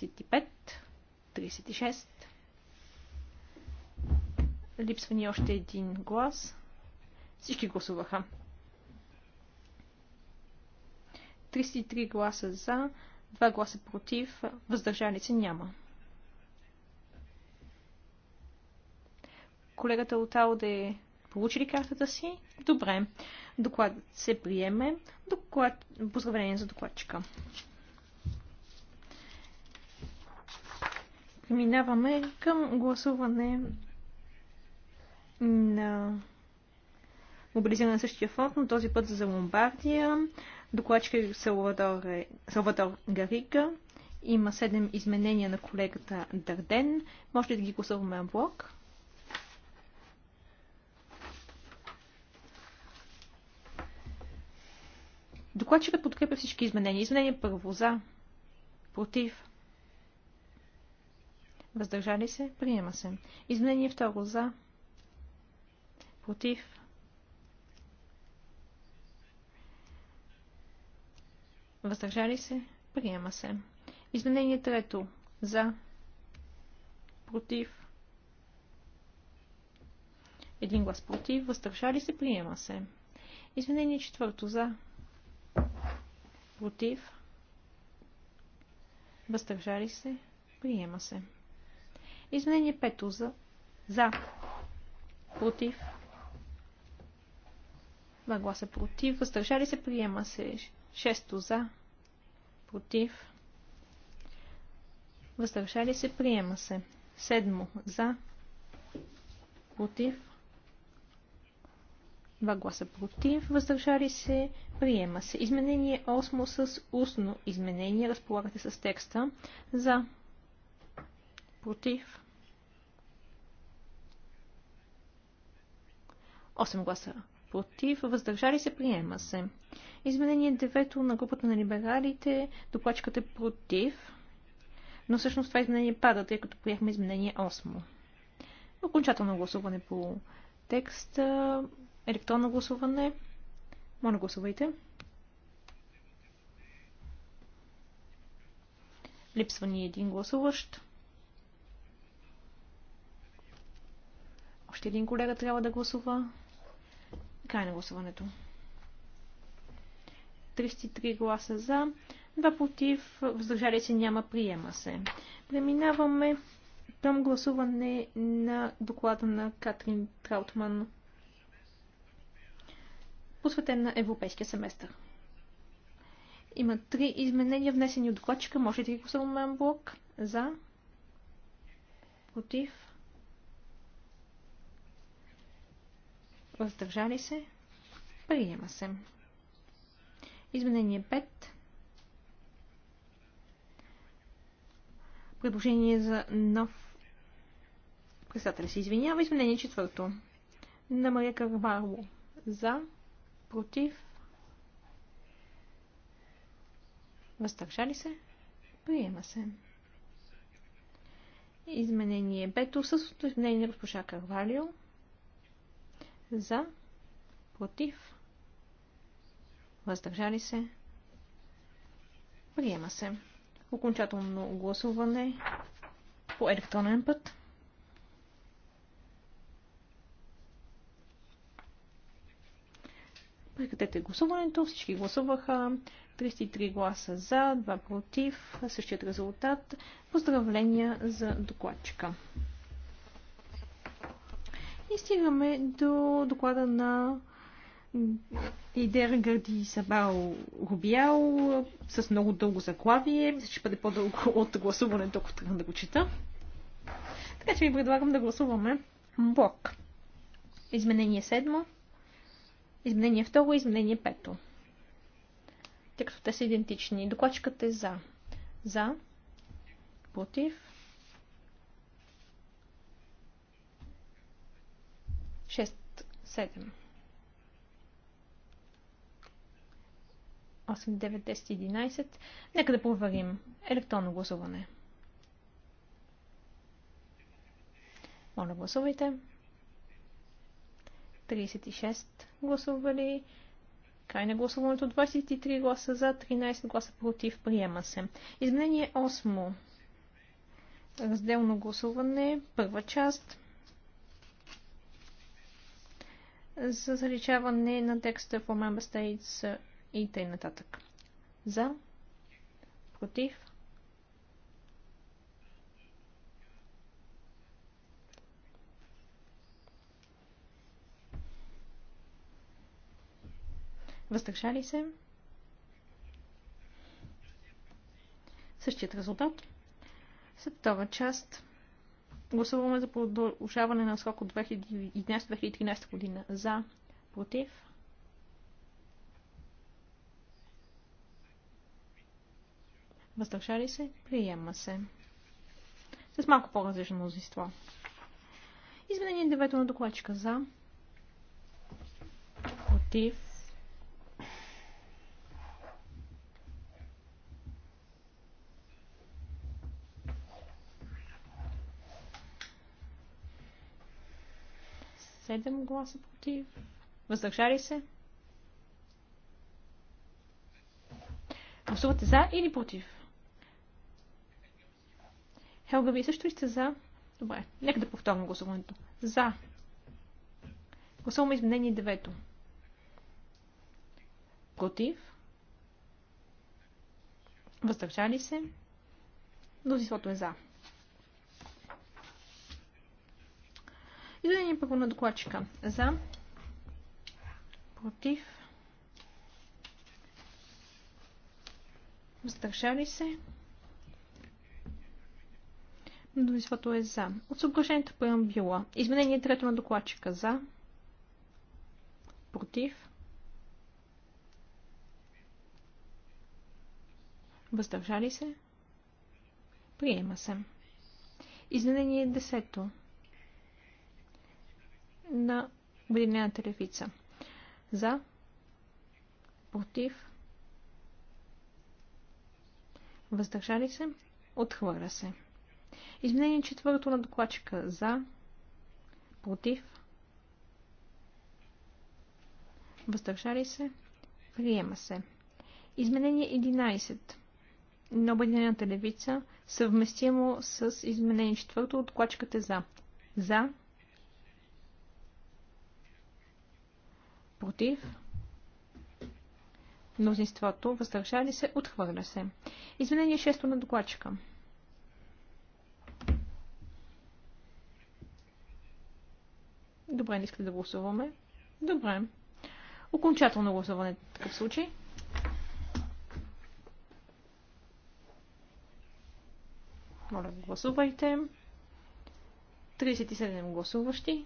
35, 36. Липсва ни още един глас. Всички гласуваха. 33 гласа за, 2 гласа против, въздържали се няма. Колегата от е получили картата си? Добре. Докладът се приеме. Доклад... Поздравление за докладчика. Преминаваме към гласуване на мобилизиране на същия фонд, но този път за Ломбардия. Докладчик е Салвадор, Салвадор Гарига. Има 7 изменения на колегата Дарден. Може ли да ги гласуваме на блок? Докладчикът подкрепя всички изменения. Изменение първо за, против, Въздържали се? Приема се. Изменение второ за. Против. Въздържали се? Приема се. Изменение трето. За. Против. Един глас против. Въздържали се? Приема се. Изменение четвърто. За. Против. Въздържали се? Приема се. Изменение 5 за. За. Против. Два гласа против. Въздържали се. Приема се. 6 за. Против. Въздържали се. Приема се. 7 за. Против. Два гласа против. Въздържали се. Приема се. Изменение 8 с устно изменение. Разполагате с текста. За против 8 гласа против, въздържали се, приема се. Изменение 9 на групата на либералите, докладчикът е против, но всъщност това изменение пада, тъй като приехме изменение 8. Окончателно гласуване по текста, електронно гласуване. Моля, гласувайте. Липсва ни един гласуващ. Още един колега трябва да гласува. Край на гласуването. 33 гласа за, 2 против, въздържали се няма, приема се. Преминаваме към гласуване на доклада на Катрин Траутман, посветен на Европейския семестър. Има три изменения, внесени от докладчика. Може да ги гласуваме блок. За. Против. Въздържали се. Приема се. Изменение 5. Предложение за нов председател се извинява. Изменение 4. На Мария Карварло. За. Против. Въздържали се. Приема се. Изменение 5 с изменение госпожа Карвалио. За. Против. Въздържали се. Приема се. Окончателно гласуване по електронен път. Прекратете гласуването. Всички гласуваха. 33 гласа за, 2 против. Същият резултат. Поздравления за докладчика. И стигаме до доклада на Идера Гърди Сабао Рубиал с много дълго заглавие. Мисля, ще бъде по-дълго от гласуването, ако тръгна да го чета. Така че ви предлагам да гласуваме блок. Изменение 7, изменение 2, изменение 5. Тъй като те са идентични. Докладчикът е за. За. Против. 6, 7. 8, 9, 10, 11. Нека да проверим. Електронно гласуване. Моля, гласувайте. 36 гласували. Край на гласуването 23 гласа за, 13 гласа против. Приема се. Изменение 8. Разделно гласуване. Първа част. за заличаване на текста for member states и т.н. За? Против? Въздържали се? Същият резултат. След това част Гласуваме за продължаване на срок от 2011-2013 година. За. Против. Въздържали се? Приема се. С малко по-различно мнозинство. Изменение 9 на докладчика за. Против. 7 гласа против. Въздържали се? Гласувате за или против? Хелга, вие също ли сте за? Добре, нека да повторим гласуването. За. Гласуваме изменение 9. Против. Въздържали се. Мнозинството е за. Изменение първо на докладчика. За. Против. Въздържали се. Мнозинството е за. От съображението по била. Изменение трето на докладчика. За. Против. Въздържали се. Приема се. Изменение десето на Обединената левица. За, против, въздържали се, отхвърля се. Изменение четвърто на докладчика за, против, въздържали се, приема се. Изменение 11 на Обединената левица съвместимо с изменение четвърто от докладчиката за. За, Против. Мнозинството. Въздържали се. Отхвърля се. Изменение 6 на докладчика. Добре, не искате да гласуваме. Добре. Окончателно гласуване в такъв случай. Моля, гласувайте. 37 гласуващи.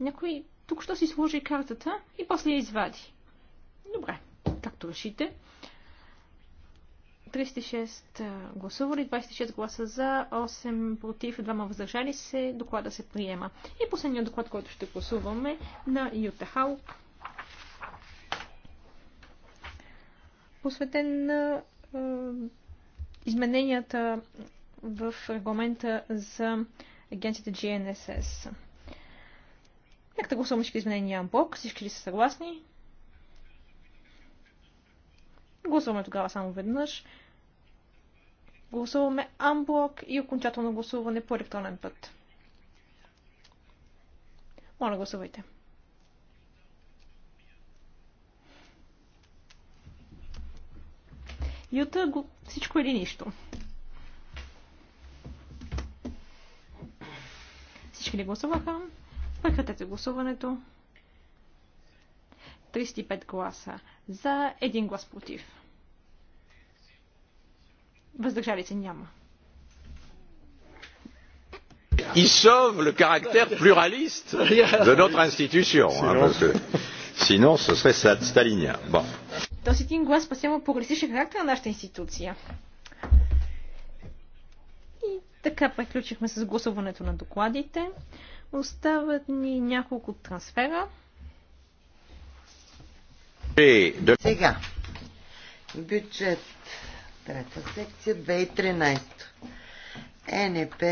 Някой тук що си сложи картата и после я извади. Добре, както решите. 36 гласували, 26 гласа за, 8 против, 2 въздържали се. Доклада се приема. И последният доклад, който ще гласуваме на Юта Хау. Посветен на е, измененията в регламента за агенцията GNSS. Как да гласуваме всички изменения блок? Всички ли са съгласни? Гласуваме тогава само веднъж. Гласуваме Амблок и окончателно гласуване по електронен път. Моля, гласувайте. Юта, всичко или нищо. Всички ли гласуваха? Прекратете гласуването. 35 гласа за, 1 глас против. Въздържали се няма. Il sauve le caractère pluraliste de notre institution, hein, parce que sinon ce serait stalinien. Bon. Този един глас спасява плуралистичен характер на нашата институция. И така приключихме с гласуването на докладите. Остават ни няколко трансфера. Сега. Бюджет. Трета секция. 2013. ЕНП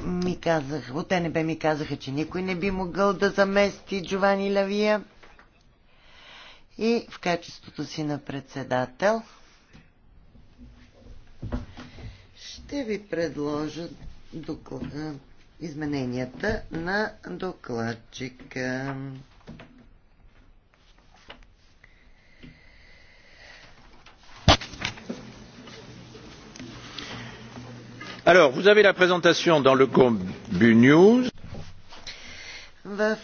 ми казах, от е НБ е ми казаха, че никой не би могъл да замести Джовани Лавия. И в качеството си на председател ще ви предложа доклад, измененията на докладчика. Alors, vous avez la présentation dans le Combu News. В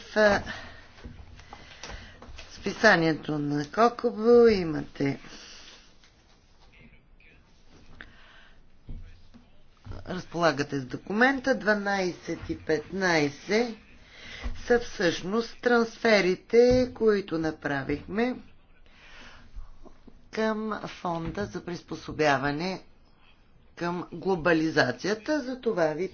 списанието на Кокобо имате разполагате с документа. 12 и 15 са всъщност трансферите, които направихме към фонда за приспособяване към глобализацията. За това ви,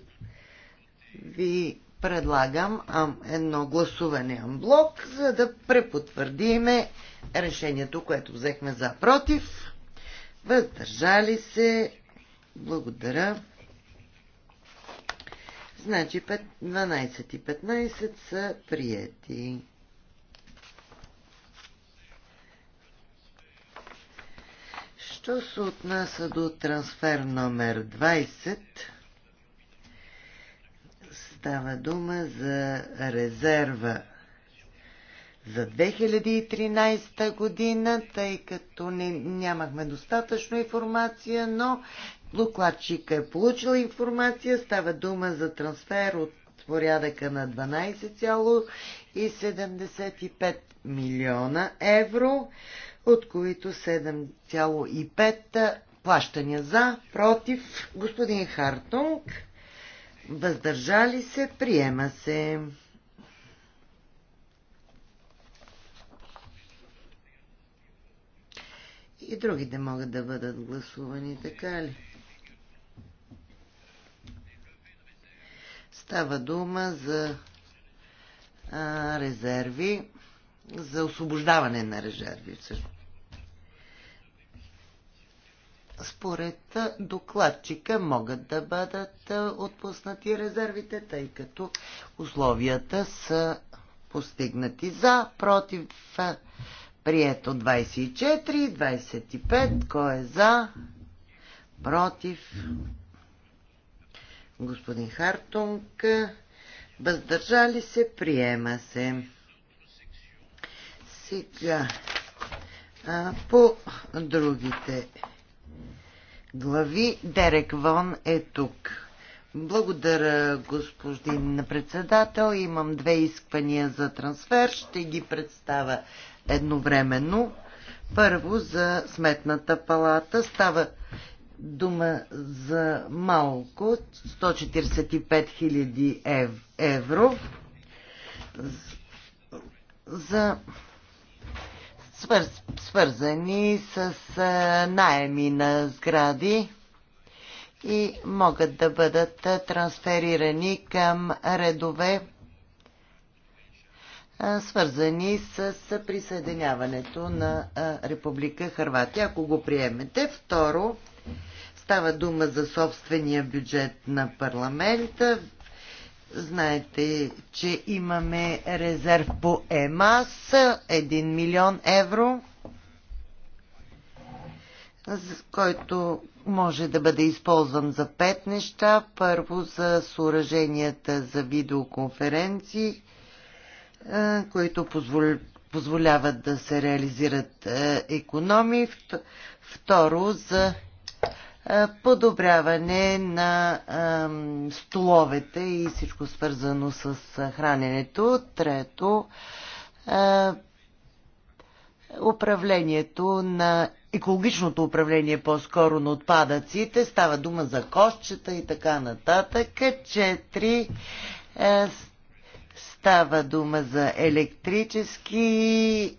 ви предлагам едно гласуване амблок, за да препотвърдиме решението, което взехме за против. Въздържали се. Благодаря. Значи 12 и 15 са приети. Що се отнася до трансфер номер 20, става дума за резерва за 2013 година, тъй като не, нямахме достатъчно информация, но Докладчика е получил информация. Става дума за трансфер от порядъка на 12,75 милиона евро, от които 7,5 плащания за, против, господин Хартунг, въздържали се, приема се. И другите могат да бъдат гласувани, така ли? Става дума за а, резерви, за освобождаване на резерви Според докладчика могат да бъдат отпуснати резервите, тъй като условията са постигнати за, против, прието 24, 25, кой е за, против, господин Хартунг, въздържали се, приема се. Сега а, по другите глави Дерек Вон е тук. Благодаря, господин председател. Имам две искания за трансфер. Ще ги представя едновременно. Първо за сметната палата става дума за малко, 145 000 ев, евро за свърз, свързани с а, найеми на сгради и могат да бъдат трансферирани към редове свързани с присъединяването на Република Харватия. Ако го приемете, второ, Става дума за собствения бюджет на парламента. Знаете, че имаме резерв по ЕМАС 1 милион евро, който може да бъде използван за пет неща. Първо за съоръженията за видеоконференции, е, които позволяват да се реализират е, економии. Второ, за е, подобряване на е, столовете и всичко свързано с храненето. Трето, е, управлението на екологичното управление по-скоро на отпадъците. Става дума за кошчета и така нататък. Четири Става дума за електрически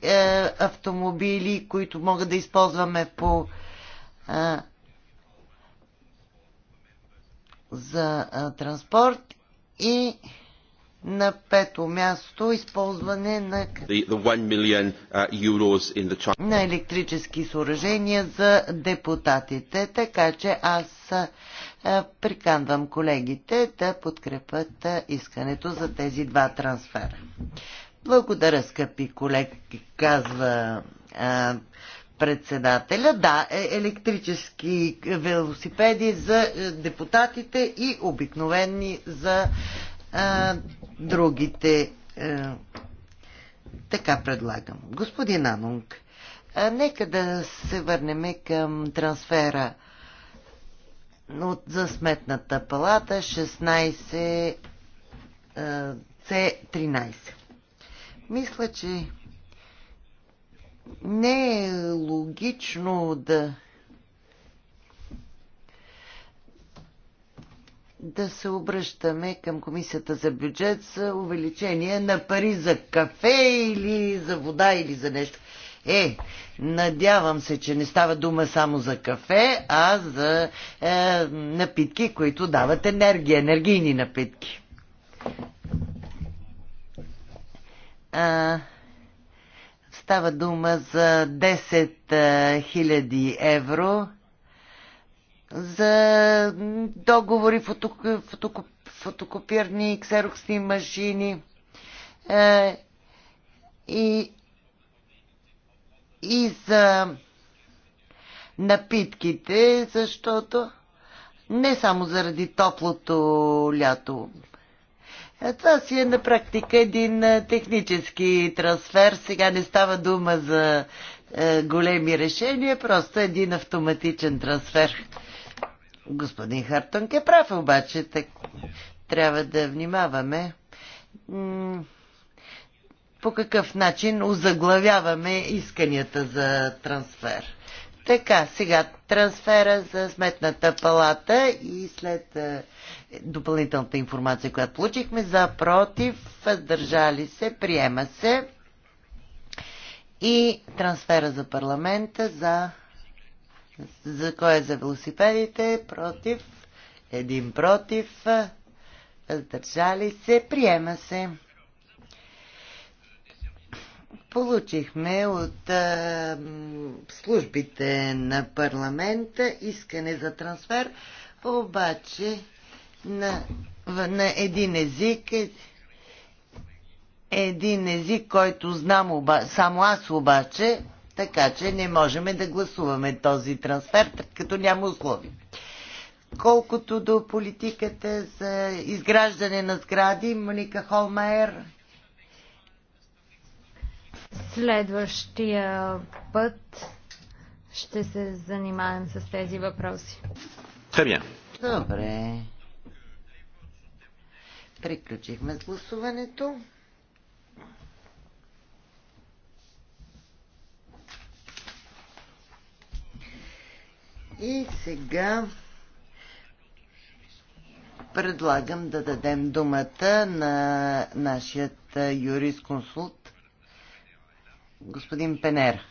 е, автомобили, които могат да използваме по за транспорт и на пето място използване на, the, the million, uh, the... на електрически съоръжения за депутатите. Така че аз а, приканвам колегите да подкрепят а, искането за тези два трансфера. Благодаря, скъпи колеги, казва председателя. Да, е електрически велосипеди за е, депутатите и обикновени за а, е, другите. А, е. така предлагам. Господин Анунг, а, нека да се върнем към трансфера от, за сметната палата 16 C13. Мисля, че не е логично да да се обръщаме към комисията за бюджет за увеличение на пари за кафе или за вода или за нещо. Е, надявам се, че не става дума само за кафе, а за е, напитки, които дават енергия, енергийни напитки. А, Става дума за 10 000 евро за договори, фотокопирни ксероксни машини е, и, и за напитките, защото не само заради топлото лято, това си е на практика един технически трансфер. Сега не става дума за големи решения, просто един автоматичен трансфер. Господин Хартонг е прав, обаче так, трябва да внимаваме по какъв начин озаглавяваме исканията за трансфер. Така, сега трансфера за сметната палата и след допълнителната информация, която получихме. За, против, въздържали се, приема се. И трансфера за парламента за, за кой е за велосипедите, против, един против, въздържали се, приема се. Получихме от а, службите на парламента искане за трансфер, обаче на, на един език. Е, един език, който знам оба, само аз обаче, така че не можем да гласуваме този трансфер, като няма условия. Колкото до политиката за изграждане на сгради, Моника Холмайер. Следващия път ще се занимаем с тези въпроси. Très Добре. Приключихме с гласуването. И сега предлагам да дадем думата на нашият юрисконсулт, господин Пенер.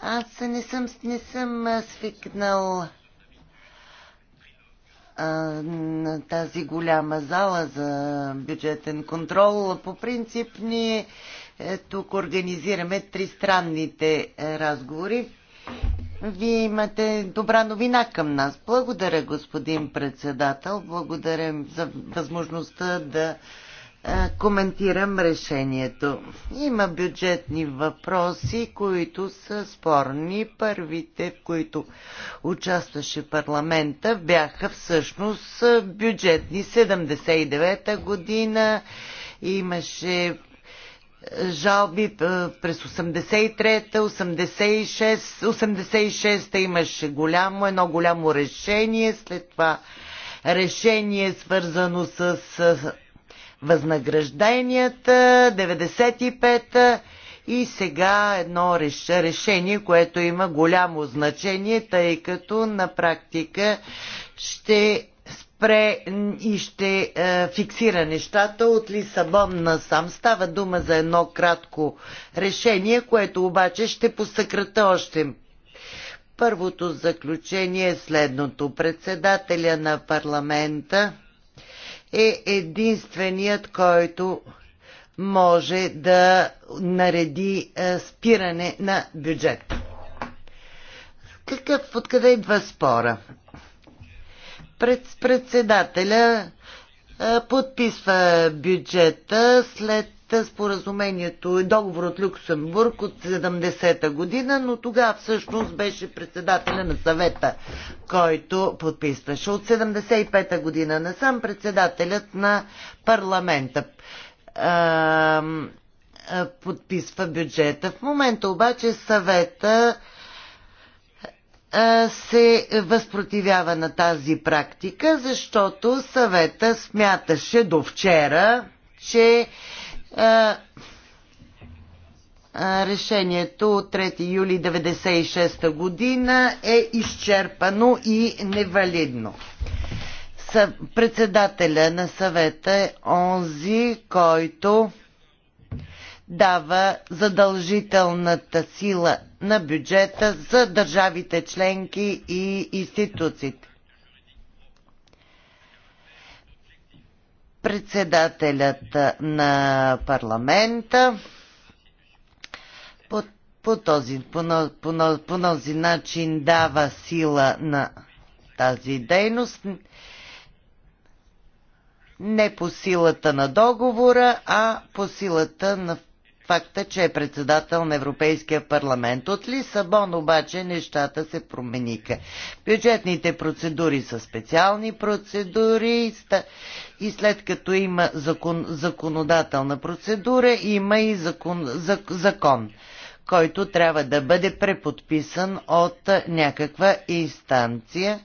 Аз не съм, не съм свикнал на тази голяма зала за бюджетен контрол. По принцип ние е, тук организираме тристранните е, разговори. Вие имате добра новина към нас. Благодаря, господин председател. Благодаря за възможността да е, коментирам решението. Има бюджетни въпроси, които са спорни. Първите, в които участваше парламента, бяха всъщност бюджетни. 79-та година имаше жалби е, през 83-та, 86, 86-та имаше голямо, едно голямо решение, след това решение свързано с възнагражденията, 95-та и сега едно решение, което има голямо значение, тъй като на практика ще спре и ще е, фиксира нещата от Лисабон на сам. Става дума за едно кратко решение, което обаче ще посъкрата още. Първото заключение е следното. Председателя на парламента е единственият, който може да нареди е, спиране на бюджет. Какъв, откъде идва спора? Пред, председателя е, подписва бюджета след споразумението и е договор от Люксембург от 70-та година, но тогава всъщност беше председателя на съвета, който подписваше. От 75-та година насам председателят на парламента а, а, подписва бюджета. В момента обаче съвета се възпротивява на тази практика, защото съвета смяташе до вчера, че е, е, решението от 3 юли 1996 година е изчерпано и невалидно. Председателя на съвета е онзи, който дава задължителната сила на бюджета за държавите членки и институциите. председателят на парламента. По, по, този, по, по, по този начин дава сила на тази дейност не по силата на договора, а по силата на факта, че е председател на Европейския парламент. От Лисабон обаче нещата се промениха. Бюджетните процедури са специални процедури и след като има закон, законодателна процедура, има и закон, закон, който трябва да бъде преподписан от някаква инстанция.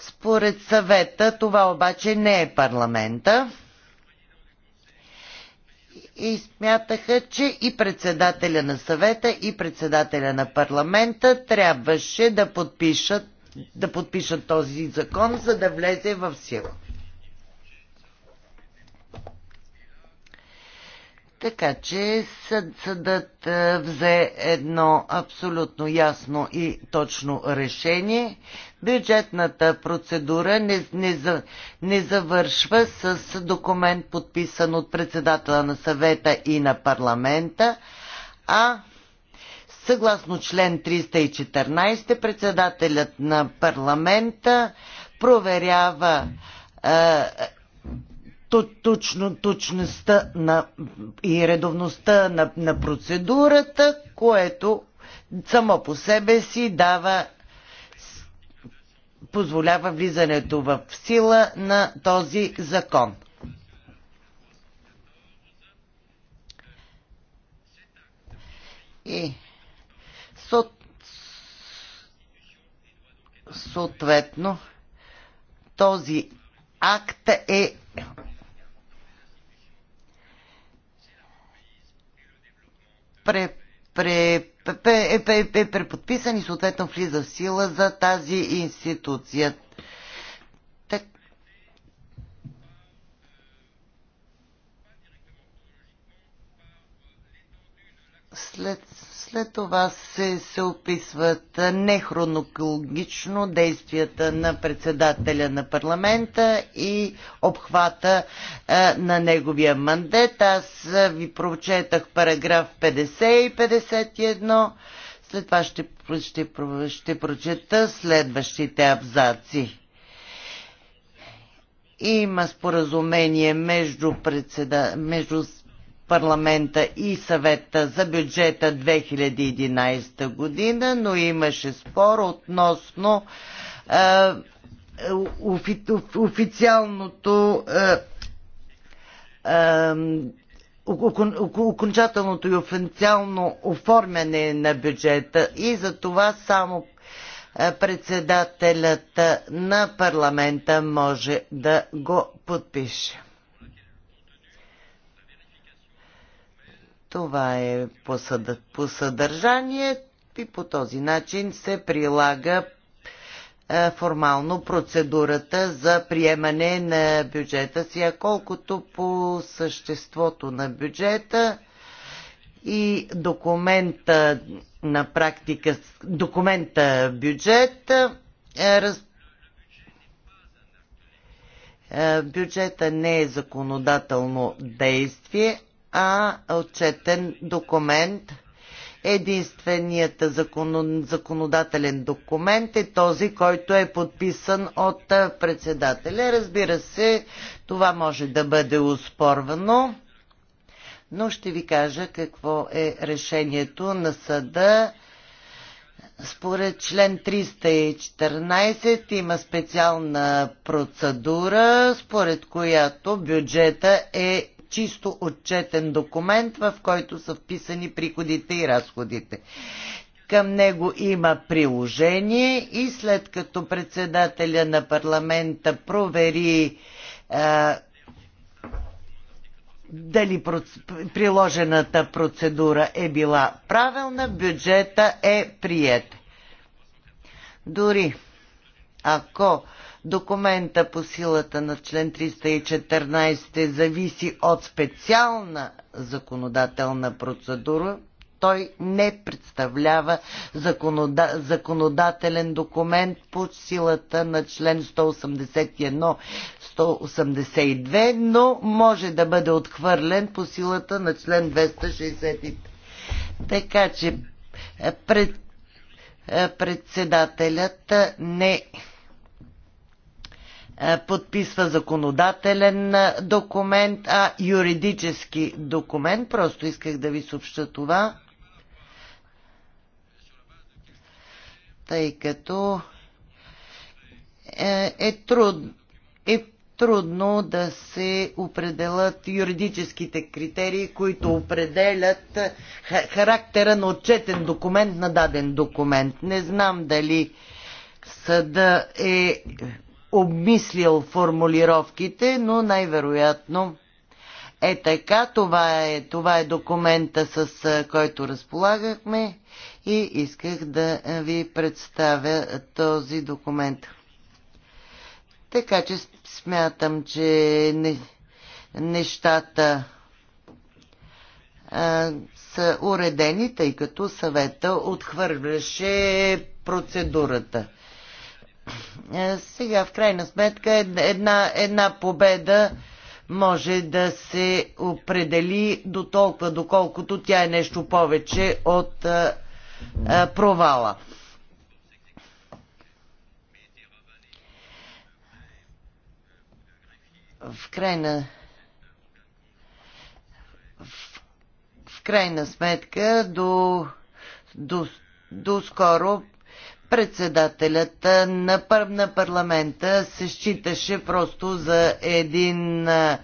Според съвета това обаче не е парламента и смятаха, че и председателя на съвета, и председателя на парламента трябваше да подпишат, да подпишат този закон, за да влезе в сила. Така че съд, съдът е, взе едно абсолютно ясно и точно решение. Бюджетната процедура не, не, за, не завършва с документ подписан от председателя на съвета и на парламента, а съгласно член 314 председателят на парламента проверява е, точно, точността на, и редовността на, на процедурата, което само по себе си дава позволява влизането в сила на този закон. И съответно този акт е пре, пре, пре, е, пре, пре, преподписан и съответно влиза в сила за тази институция. Так... След след това се, се описват нехронологично действията на председателя на парламента и обхвата а, е, на неговия мандет. Аз е, ви прочетах параграф 50 и 51. След това ще, ще, ще прочета следващите абзаци. Има споразумение между, председа... между парламента и съвета за бюджета 2011 година, но имаше спор относно е, офи, официалното е, е, окончателното и официално оформяне на бюджета и за това само председателят на парламента може да го подпише. Това е по, съд... по съдържание и по този начин се прилага е, формално процедурата за приемане на бюджета си, а колкото по съществото на бюджета и документа на практика, документа бюджет, е, раз... Е, бюджета не е законодателно действие, а отчетен документ. Единственият законодателен документ е този, който е подписан от председателя. Разбира се, това може да бъде успорвано, но ще ви кажа какво е решението на съда. Според член 314 има специална процедура, според която бюджета е чисто отчетен документ, в който са вписани приходите и разходите. Към него има приложение и след като председателя на парламента провери а, дали проц... приложената процедура е била правилна, бюджета е прият. Дори ако документа по силата на член 314 зависи от специална законодателна процедура, той не представлява законода, законодателен документ по силата на член 181-182, но може да бъде отхвърлен по силата на член 260. Така че е, пред, е, председателят не е, подписва законодателен е, документ, а юридически документ. Просто исках да ви съобща това. Тъй като е, е, труд, е трудно да се определят юридическите критерии, които определят е, характера на отчетен документ на даден документ. Не знам дали съда е обмислил формулировките, но най-вероятно е така. Това е, това е документа, с който разполагахме и исках да ви представя този документ. Така че смятам, че не, нещата а, са уредени, тъй като съвета отхвърляше процедурата. Е, сега, в крайна сметка, е, една, една победа може да се определи до толкова, доколкото тя е нещо повече от а, е, а, провала. В крайна в, в крайна сметка до, до, до скоро председателят на, пар, на парламента се считаше просто за един а,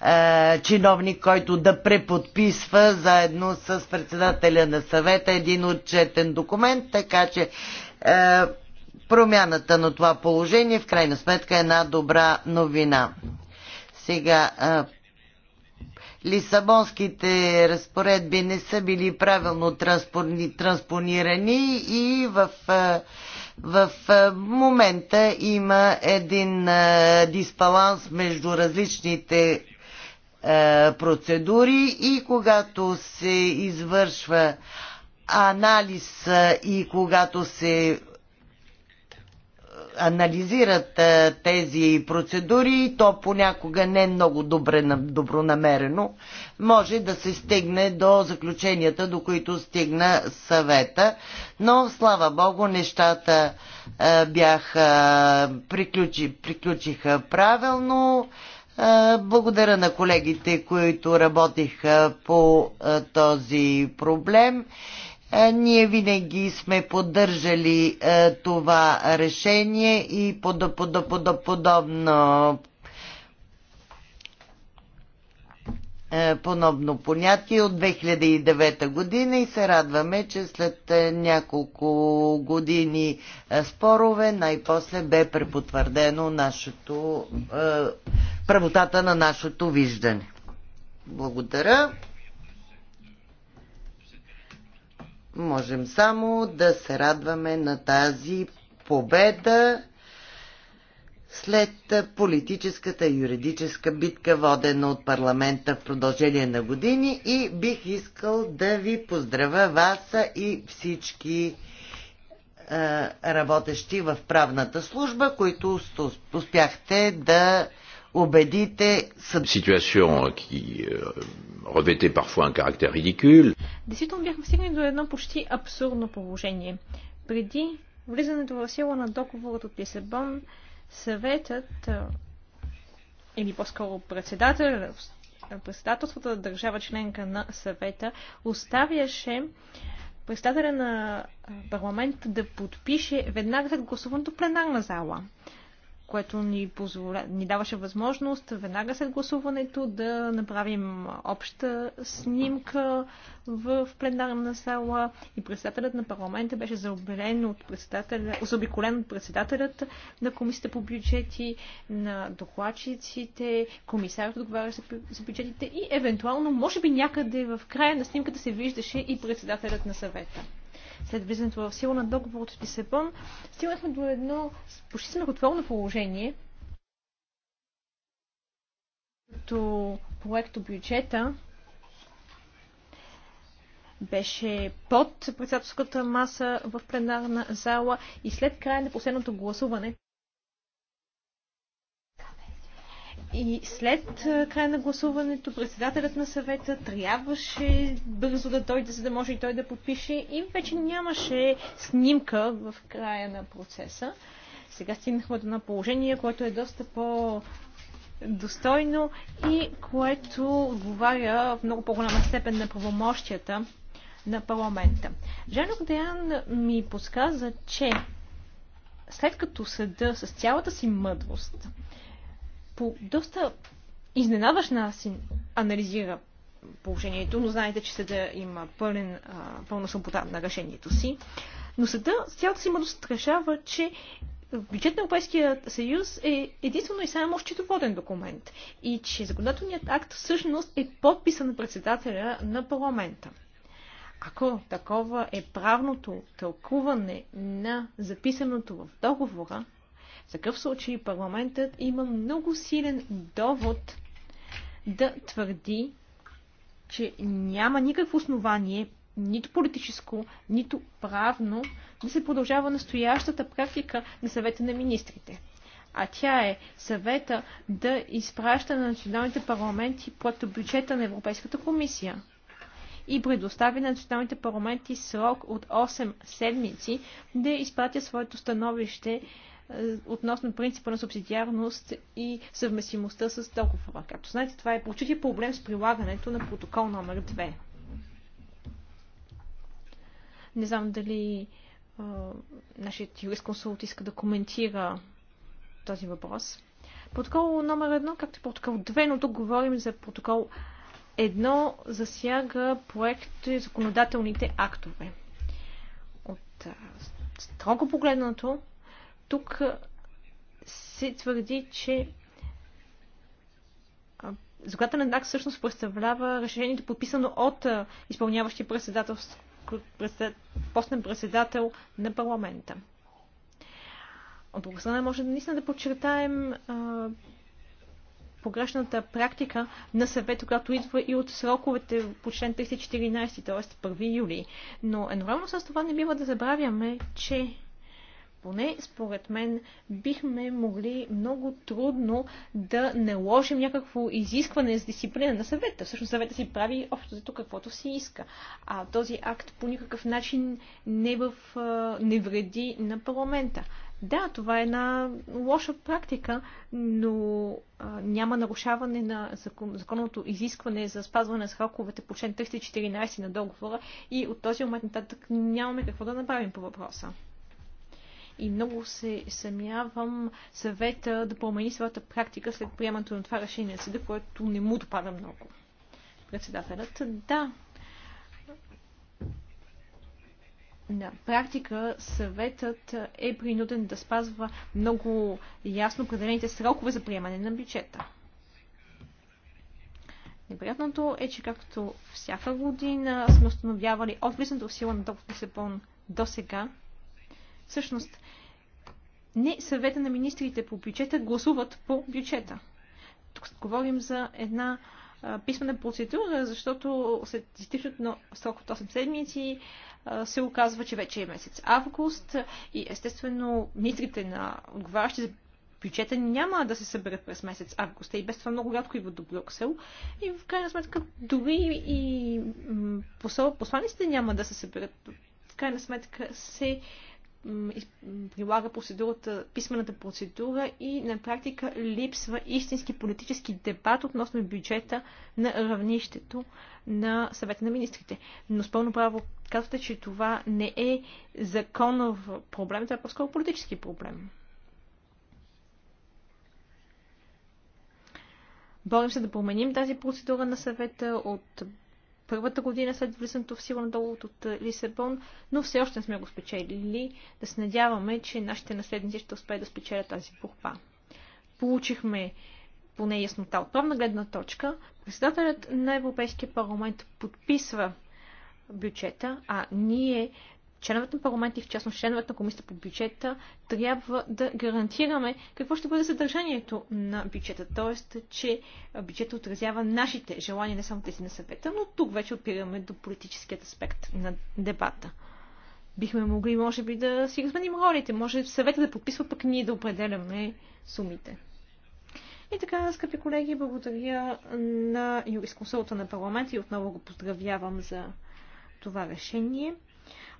а, чиновник, който да преподписва заедно с председателя на съвета един отчетен документ, така че а, промяната на това положение в крайна сметка е една добра новина. Сега а, Лисабонските разпоредби не са били правилно транспонирани и в, в момента има един дисбаланс между различните процедури и когато се извършва анализ и когато се анализират тези процедури, то понякога не е много добре, добронамерено, може да се стигне до заключенията, до които стигна съвета. Но, слава Богу, нещата бяха, приключи, приключиха правилно. Благодаря на колегите, които работиха по този проблем е, ние винаги сме поддържали е, това решение и под, под, под, подобно е, подобно понятие от 2009 година и се радваме, че след няколко години спорове най-после бе препотвърдено нашето, правотата на нашето виждане. Благодаря. можем само да се радваме на тази победа след политическата и юридическа битка, водена от парламента в продължение на години и бих искал да ви поздравя вас и всички работещи в правната служба, които успяхте да убедите Ситуация, euh, qui euh, revêtait parfois un caractère ridicule. Действително бяхме стигнали до едно почти абсурдно положение. Преди влизането в сила на договорът от Лисабон, съветът или по-скоро председател, председателството на държава членка на съвета оставяше председателя на парламент да подпише веднага след гласуването пленарна зала което ни, позволя, ни даваше възможност веднага след гласуването да направим обща снимка в пленарна сала и председателят на парламента беше заобиколен от председателя, от председателят на комисията по бюджети, на докладчиците, комисарът отговаря за бюджетите и евентуално, може би някъде в края на снимката се виждаше и председателят на съвета след влизането в сила на договор от Лисабон, стигнахме до едно почти смехотворно положение, като проекто бюджета беше под председателската маса в пленарна зала и след края на последното гласуване И след е, края на гласуването председателят на съвета трябваше бързо да дойде, за да може и той да подпише и вече нямаше снимка в края на процеса. Сега стигнахме до едно положение, което е доста по достойно и което отговаря в много по-голяма степен на правомощията на парламента. Жанок Деян ми подсказа, че след като съда с цялата си мъдрост по доста изненадващ начин анализира положението, но знаете, че съда има пълен, а, пълна свобода на решението си. Но съда с цялата си мъдрост решава, че бюджет на Европейския съюз е единствено и само счетоводен документ и че законодателният акт всъщност е подписан на председателя на парламента. Ако такова е правното тълкуване на записаното в договора, в такъв случай парламентът има много силен довод да твърди, че няма никакво основание, нито политическо, нито правно, да се продължава настоящата практика на съвета на министрите. А тя е съвета да изпраща на националните парламенти плато бюджета на Европейската комисия и предостави на националните парламенти срок от 8 седмици да изпратя своето становище е, относно принципа на субсидиарност и съвместимостта с договора. Както знаете, това е прочутия проблем с прилагането на протокол номер 2. Не знам дали а, нашият юрист консулт иска да коментира този въпрос. Протокол номер 1, както и протокол 2, но тук говорим за протокол 1, засяга проект и законодателните актове. От а, строго погледнато, тук се твърди, че на ДАК всъщност представлява решението подписано от изпълняващия председател, постен председател на парламента. От друга страна, може наистина да подчертаем а, погрешната практика на съвета, която идва и от сроковете по член 314, т.е. 1 юли. Но едновременно с това не бива да забравяме, че поне, според мен, бихме могли много трудно да наложим някакво изискване за дисциплина на съвета. Всъщност съвета си прави общо зато каквото си иска. А този акт по никакъв начин не, в, не вреди на парламента. Да, това е една лоша практика, но а, няма нарушаване на закон, законното изискване за спазване на сроковете по член 314 на договора и от този момент нататък нямаме какво да направим по въпроса и много се съмявам съвета да промени своята практика след приемането на това решение на съда, което не му допада много. Председателят, да. На практика съветът е принуден да спазва много ясно определените срокове за приемане на бюджета. Неприятното е, че както всяка година сме установявали от влизането в сила на Доктор Сепон до сега, Всъщност, не съвета на министрите по бюджета гласуват по бюджета. Тук говорим за една писмена процедура, защото след изтичането на срок от 8 седмици се оказва, че вече е месец август и естествено министрите на отговарящи за бюджета няма да се съберат през месец август. И без това много рядко идват до Брюксел. И в крайна сметка дори и посланиците няма да се съберат. В крайна сметка се прилага процедурата, писмената процедура и на практика липсва истински политически дебат относно бюджета на равнището на съвета на министрите. Но с пълно право казвате, че това не е законов проблем, това е по-скоро политически проблем. Борим се да променим тази процедура на съвета от първата година след влизането в сила на долу от Лисабон, но все още не сме го спечелили. Да се надяваме, че нашите наследници ще успеят да спечелят тази борба. Получихме поне яснота от правна гледна точка. Председателят на Европейския парламент подписва бюджета, а ние членовете на парламента и в частност членовете на комисията по бюджета трябва да гарантираме какво ще бъде съдържанието на бюджета. Тоест, че бюджета отразява нашите желания, не само тези на съвета, но тук вече опираме до политическият аспект на дебата. Бихме могли, може би, да си разменим ролите. Може съвета да подписва, пък ние да определяме сумите. И така, скъпи колеги, благодаря на юрисконсулта на парламента и отново го поздравявам за това решение.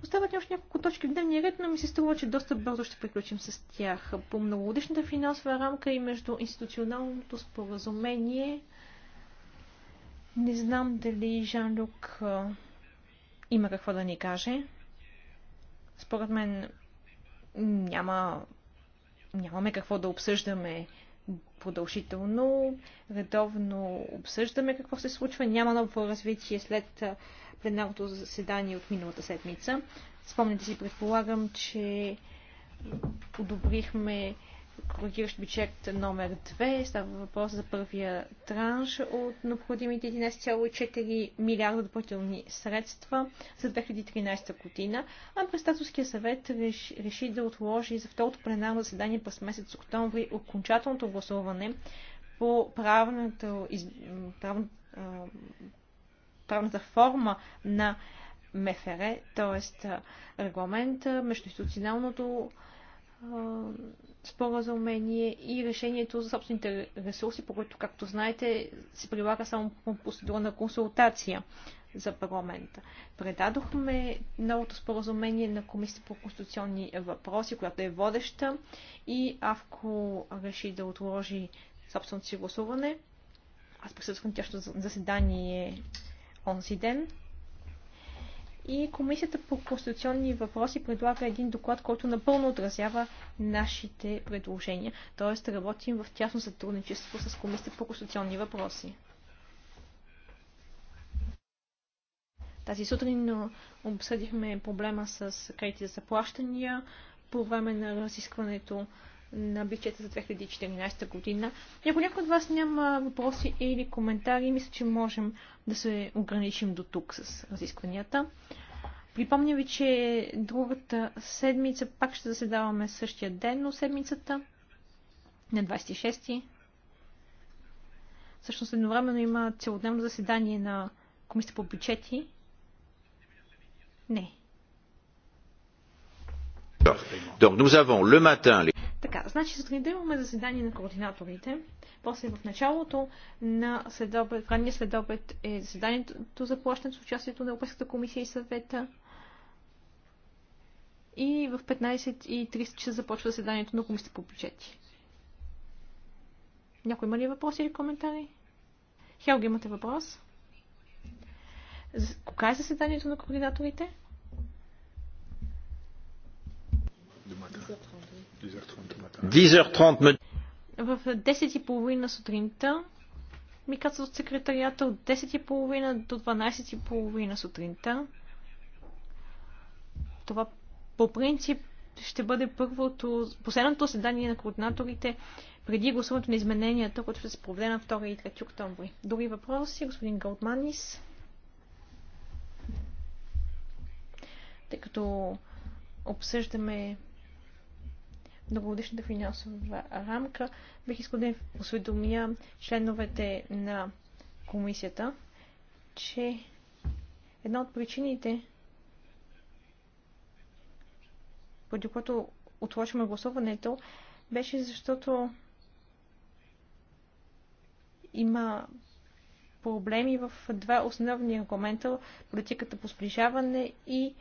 Остават ни още няколко точки в дневния ред, но ми се струва, че доста бързо ще приключим с тях. По многогодишната финансова рамка и между институционалното споразумение не знам дали Жан-Люк има какво да ни каже. Според мен няма, нямаме какво да обсъждаме продължително, редовно обсъждаме какво се случва. Няма ново развитие след пленарното заседание от миналата седмица. Спомняте си, предполагам, че одобрихме коригиращ бюджет номер 2. Става въпрос за първия транш от необходимите 11,4 милиарда допълнителни средства за 2013 година, а Престатовския съвет реши, реши да отложи за второто пленарно заседание през месец октомври окончателното гласуване по правното. из, правната правната форма на МФР, т.е. регламент, междуинституционалното споразумение и решението за собствените ресурси, по което, както знаете, се прилага само по процедура на консултация за парламента. Предадохме новото споразумение на Комисията по конституционни въпроси, която е водеща и Авко реши да отложи собственото си гласуване. Аз присъствам тящо заседание онзи ден. И Комисията по конституционни въпроси предлага един доклад, който напълно отразява нашите предложения. Тоест работим в тясно сътрудничество с Комисията по конституционни въпроси. Тази сутрин обсъдихме проблема с кредити за заплащания по време на разискването на бюджета за 2014 година. И ако някой от вас няма въпроси или коментари, мисля, че можем да се ограничим до тук с разискванията. Припомня ви, че другата седмица пак ще заседаваме същия ден, но седмицата на 26-ти. Всъщност едновременно има целодневно заседание на Комисията по бюджети. Не. Donc nous avons le matin Значи, сутринта имаме заседание на координаторите. После в началото на следобед, ранния следобед е заседанието за плащане с участието на Европейската комисия и съвета. И в 15.30 часа започва заседанието на комисията по бюджети. Някой има ли въпроси или коментари? Хелги, имате въпрос? Кога е заседанието на координаторите? 10 10 в 10.30 сутринта ми казват от секретарията от 10.30 до 12.30 сутринта. Това по принцип ще бъде първото, последното заседание на координаторите преди гласуването на измененията, което ще се проведе на 2 и 3 октомври. Други въпроси, господин Голдманис? Тъй като обсъждаме многогодишната финансова рамка, бих искал да осведомя членовете на комисията, че една от причините, поради което отложихме гласуването, беше защото има проблеми в два основни аргумента политиката по сближаване и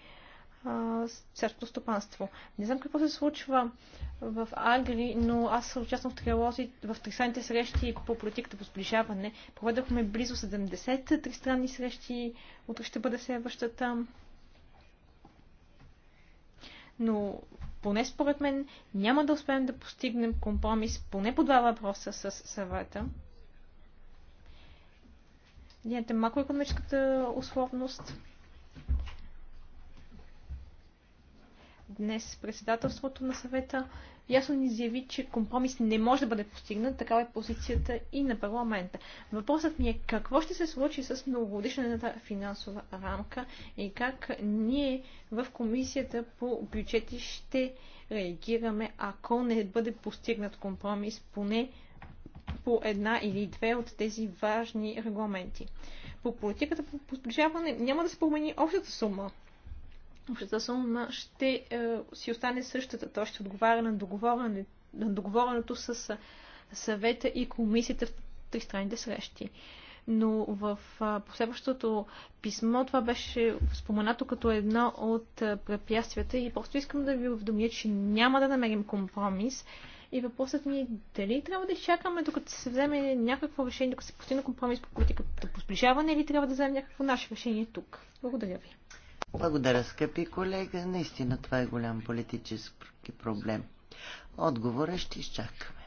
селското стопанство. Не знам какво се случва в Агри, но аз участвам в трилози, в тристранните срещи по политиката по сближаване. Проведохме близо 70 тристранни срещи. Утре ще бъде следващата. Но поне според мен няма да успеем да постигнем компромис поне по два въпроса с съвета. Единият макроекономическата условност, Днес председателството на съвета ясно ни заяви, че компромис не може да бъде постигнат, такава е позицията и на парламента. Въпросът ми е какво ще се случи с многогодишната финансова рамка и как ние в комисията по бюджети ще реагираме, ако не бъде постигнат компромис, поне по една или две от тези важни регламенти. По политиката по подлежаване няма да се промени общата сума общата сума ще е, си остане същата. Той ще отговаря на, договорене, на договореното с е, съвета и комисията в тристранните срещи. Но в е, последващото писмо това беше споменато като едно от е, препятствията и просто искам да ви уведомя, че няма да намерим компромис. И въпросът ми е дали трябва да изчакаме, докато се вземе някакво решение, докато се постигне компромис по политиката по сближаване или трябва да вземем някакво наше решение тук. Благодаря ви. Благодаря, скъпи колега. Наистина това е голям политически проблем. Отговора ще изчакаме.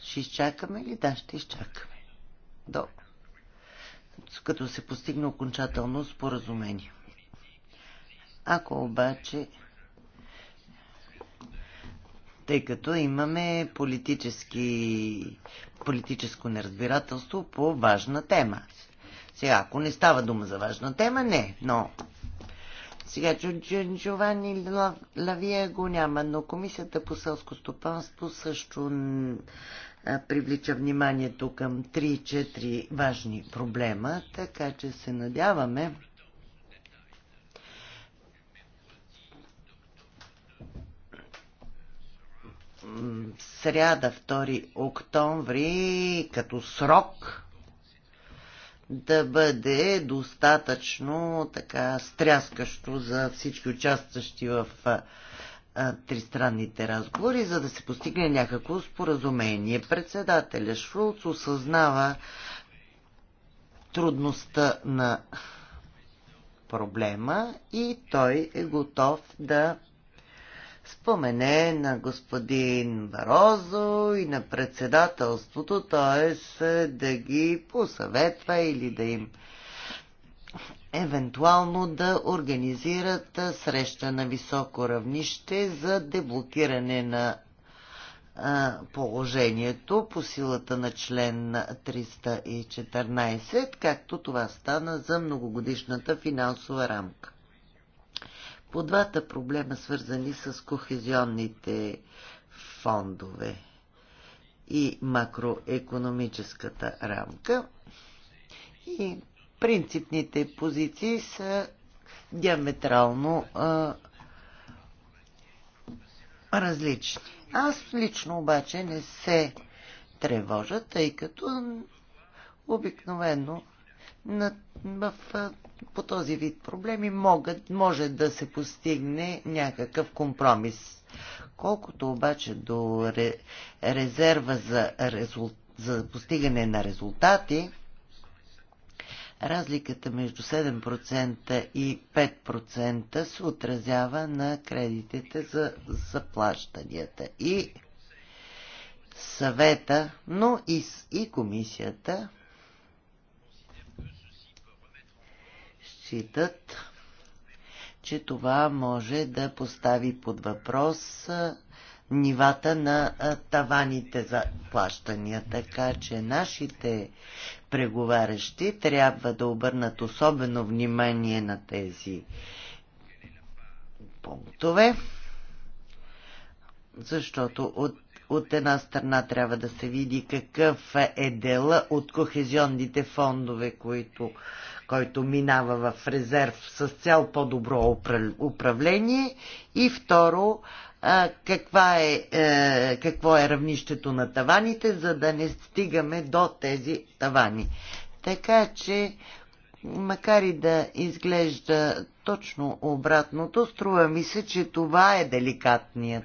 Ще изчакаме ли? Да, ще изчакаме. До. Като се постигне окончателно споразумение. Ако обаче тъй като имаме политически, политическо неразбирателство по важна тема. Сега, ако не става дума за важна тема, не, но сега Джованни Лавия го няма, но Комисията по селско стопанство също привлича вниманието към 3-4 важни проблема, така че се надяваме сряда 2 октомври като срок да бъде достатъчно така стряскащо за всички участващи в а, тристранните разговори, за да се постигне някакво споразумение. Председателя Шулц осъзнава трудността на проблема и той е готов да спомене на господин Барозо и на председателството, т.е. да ги посъветва или да им евентуално да организират среща на високо равнище за деблокиране на положението по силата на член 314, както това стана за многогодишната финансова рамка по двата проблема, свързани с кохезионните фондове и макроекономическата рамка. И принципните позиции са диаметрално а, различни. Аз лично обаче не се тревожа, тъй като обикновено на, в, по този вид проблеми могат, може да се постигне някакъв компромис. Колкото обаче до ре, резерва за, резул, за постигане на резултати, разликата между 7% и 5% се отразява на кредитите за заплащанията. И съвета, но и, и комисията считат, че това може да постави под въпрос нивата на таваните за плащания. Така че нашите преговарящи трябва да обърнат особено внимание на тези пунктове, защото от, от една страна трябва да се види какъв е дела от кохезионните фондове, които който минава в резерв с цел по-добро управление и второ, каква е, е, какво е равнището на таваните, за да не стигаме до тези тавани. Така че, макар и да изглежда точно обратното, струва ми се, че това е деликатният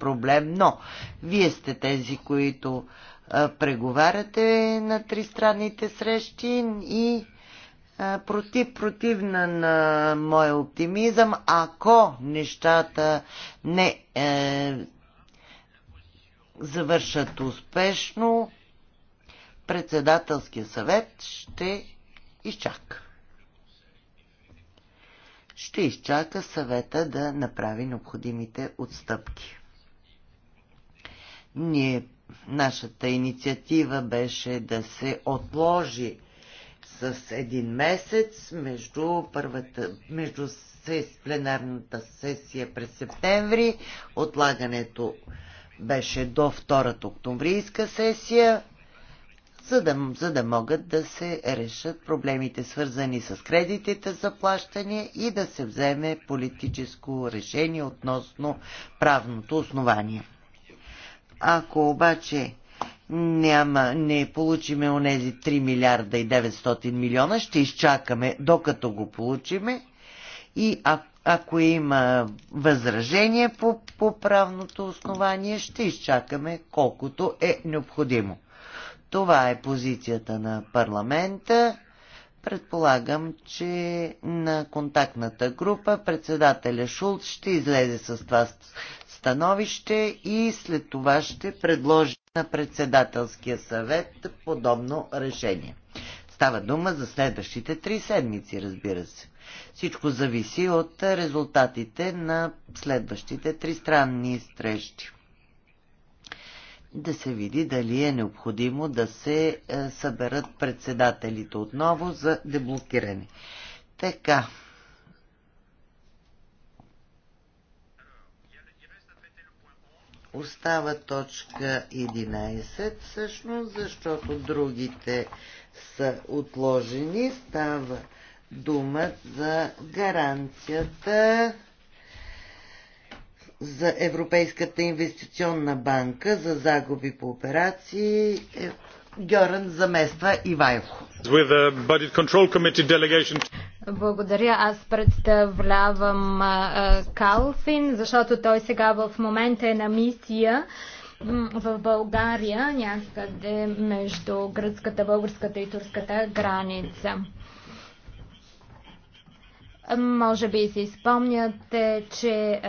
проблем, но вие сте тези, които преговаряте на тристранните срещи и против, противна на моя оптимизъм, ако нещата не е, завършат успешно, председателския съвет ще изчака. Ще изчака съвета да направи необходимите отстъпки. Ние, нашата инициатива беше да се отложи с един месец между, първата, между сес, пленарната сесия през септември. Отлагането беше до втората октомврийска сесия, за да, за да могат да се решат проблемите свързани с кредитите за плащане и да се вземе политическо решение относно правното основание. Ако обаче няма, не получиме онези 3 милиарда и 900 милиона, ще изчакаме докато го получиме и а, ако има възражение по, по правното основание, ще изчакаме колкото е необходимо. Това е позицията на парламента. Предполагам, че на контактната група председателя Шулц ще излезе с това становище и след това ще предложи на председателския съвет подобно решение. Става дума за следващите три седмици, разбира се. Всичко зависи от резултатите на следващите тристранни срещи. Да се види дали е необходимо да се е, съберат председателите отново за деблокиране. Така, остава точка 11 всъщност, защото другите са отложени. Става дума за гаранцията за Европейската инвестиционна банка за загуби по операции. Е, Георан замества Ивайло. Благодаря. Аз представлявам Калфин, защото той сега в момента е на мисия в България, някъде между гръцката, българската и турската граница. Може би си спомняте, че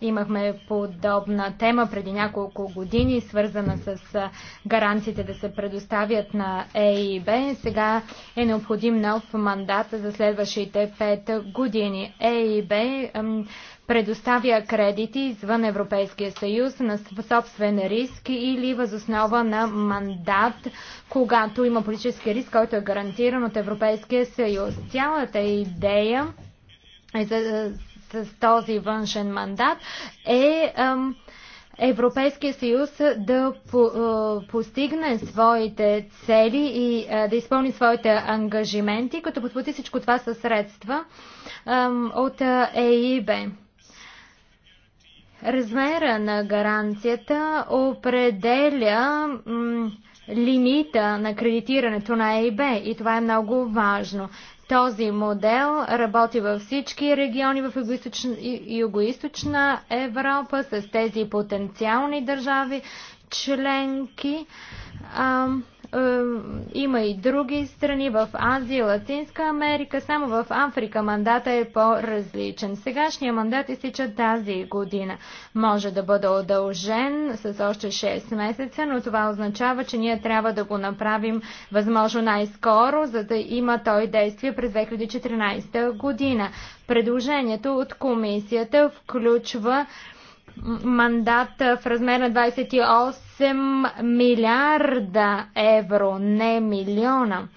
Имахме подобна тема преди няколко години, свързана с гаранциите да се предоставят на ЕИБ. Сега е необходим нов мандат за следващите 5 години. ЕИБ предоставя кредити извън Европейския съюз на собствен риск или възоснова на мандат, когато има политически риск, който е гарантиран от Европейския съюз. Цялата идея е за с този външен мандат е Европейския съюз да постигне своите цели и да изпълни своите ангажименти, като подплати всичко това със средства от ЕИБ. Размера на гаранцията определя лимита на кредитирането на ЕИБ и това е много важно. Този модел работи във всички региони в Юго-Источна Европа с тези потенциални държави членки. Ам, има и други страни в Азия, Латинска Америка, само в Африка мандата е по-различен. Сегашния мандат изтича тази година. Може да бъде удължен с още 6 месеца, но това означава, че ние трябва да го направим възможно най-скоро, за да има той действие през 2014 година. Предложението от комисията включва мандат в размер на 28 милиарда евро, не милиона.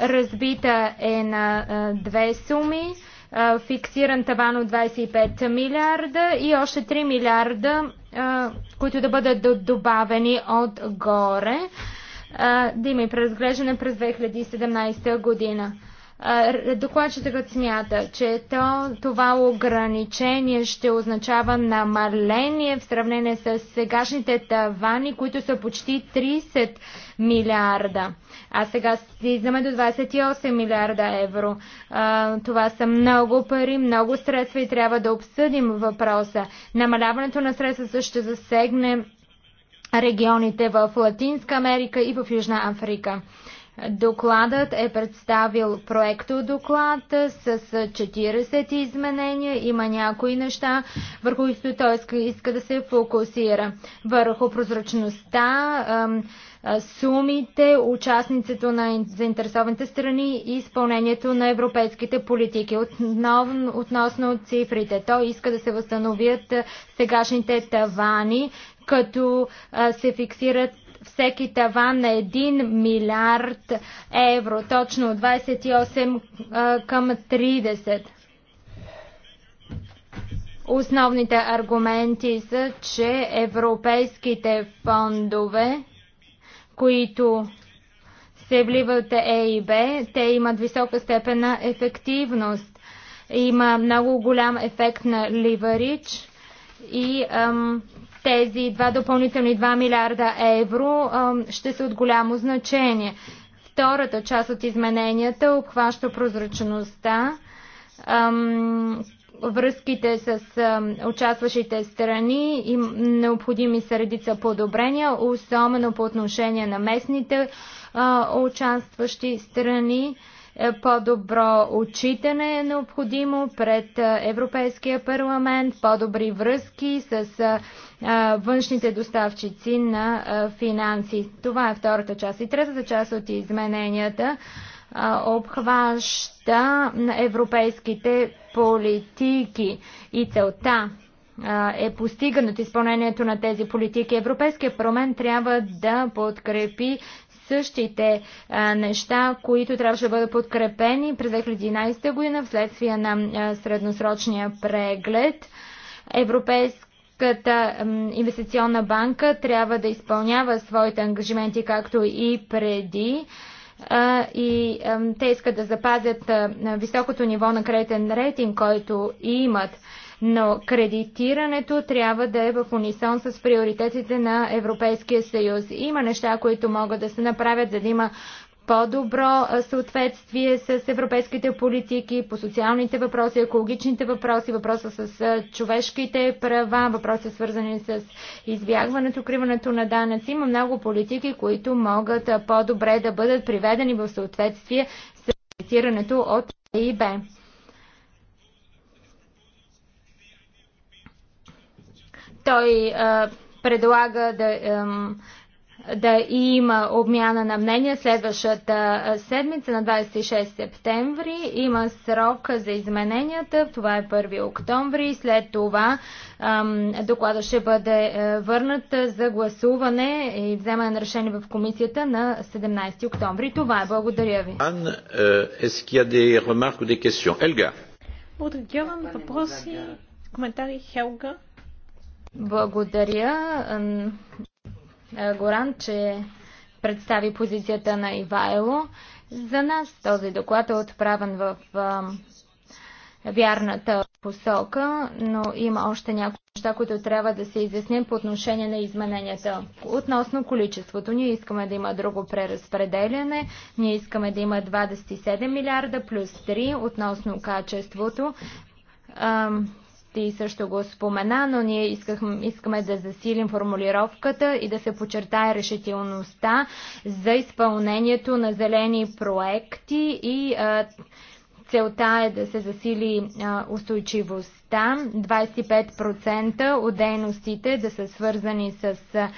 Разбита е на е, две суми е, фиксиран таван от 25 милиарда и още 3 милиарда, е, които да бъдат добавени отгоре. Да има и преразглеждане през 2017 година. Докладчикът смята, че то, това ограничение ще означава намаление в сравнение с сегашните тавани, които са почти 30 милиарда. А сега стигаме до 28 милиарда евро. А, това са много пари, много средства и трябва да обсъдим въпроса. Намаляването на средства ще засегне регионите в Латинска Америка и в Южна Африка. Докладът е представил проекто доклад с 40 изменения. Има някои неща, върху които той иска, да се фокусира. Върху прозрачността, сумите, участницето на заинтересованите страни и изпълнението на европейските политики. Отново относно цифрите, той иска да се възстановят сегашните тавани, като се фиксират всеки таван на 1 милиард евро, точно от 28 към 30. Основните аргументи са, че европейските фондове, които се вливат Е и Б, те имат висока степен на ефективност. Има много голям ефект на ливарич и ам, тези два допълнителни 2 милиарда евро ще са от голямо значение. Втората част от измененията обхваща прозрачността, връзките с участващите страни и необходими са редица подобрения, особено по отношение на местните участващи страни. Е по-добро отчитане е необходимо пред Европейския парламент, по-добри връзки с външните доставчици на финанси. Това е втората част. И третата част от измененията обхваща европейските политики и целта е постигнато изпълнението на тези политики. Европейския парламент трябва да подкрепи същите а, неща, които трябваше да бъдат подкрепени през 2011 година вследствие на а, средносрочния преглед. Европейската а, инвестиционна банка трябва да изпълнява своите ангажименти както и преди и те искат да запазят високото ниво на кредитен рейтинг, който имат но кредитирането трябва да е в унисон с приоритетите на Европейския съюз. Има неща, които могат да се направят, за да има по-добро съответствие с европейските политики по социалните въпроси, екологичните въпроси, въпроса с човешките права, въпроси свързани с избягването, криването на данъци. Има много политики, които могат по-добре да бъдат приведени в съответствие с кредитирането от ЕИБ. Той а, предлага да, да има обмяна на мнение следващата седмица на 26 септември. Има срок за измененията. Това е 1 октомври. След това доклада ще бъде върнат за гласуване и вземане на решение в комисията на 17 октомври. Това е. Благодаря ви. Е, Благодаря. Въпроси, коментари, Хелга? Благодаря, Горан, че представи позицията на Ивайло. За нас този доклад е отправен в вярната посока, но има още някои неща, които трябва да се изясним по отношение на измененията. Относно количеството, ние искаме да има друго преразпределяне, ние искаме да има 27 милиарда плюс 3 относно качеството ти също го спомена, но ние искахме, искаме да засилим формулировката и да се почертае решителността за изпълнението на зелени проекти и а, целта е да се засили а, устойчивостта. 25% от дейностите да са свързани с а,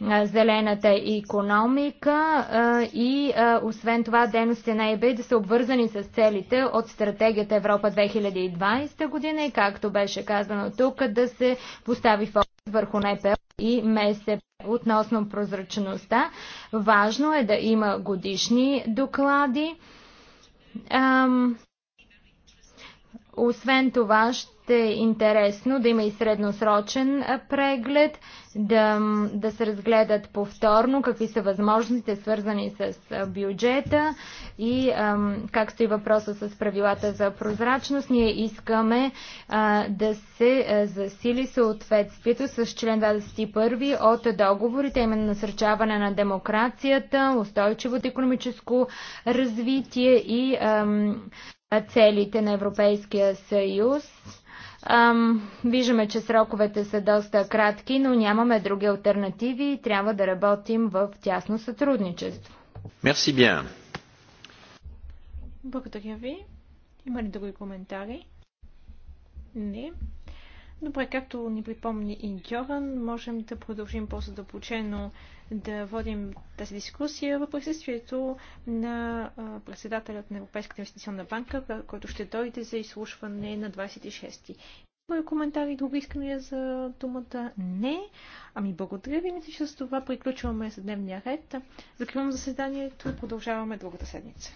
зелената економика и освен това дейности на ЕБ да са обвързани с целите от стратегията Европа 2020 година и както беше казано тук да се постави фокус върху НПО и МСП. Относно прозрачността, важно е да има годишни доклади. Ам, освен това, ще ще е интересно да има и средносрочен преглед, да, да се разгледат повторно какви са възможностите свързани с бюджета и как стои въпроса с правилата за прозрачност. Ние искаме да се засили съответствието с член 21 от договорите, именно насърчаване на демокрацията, устойчивото економическо развитие и целите на Европейския съюз. Ам, виждаме, че сроковете са доста кратки, но нямаме други альтернативи и трябва да работим в тясно сътрудничество. Мерси bien. Благодаря ви. Има ли други коментари? Не. Добре, както ни припомни и Гьоран, можем да продължим по-задълбочено да да водим тази дискусия в присъствието на председателят на Европейската инвестиционна банка, който ще дойде за изслушване на 26-ти. Има коментари, други искания за думата? Не. Ами благодаря ви. Мисля, че с това приключваме с дневния ред. Закривам заседанието. и Продължаваме другата седмица.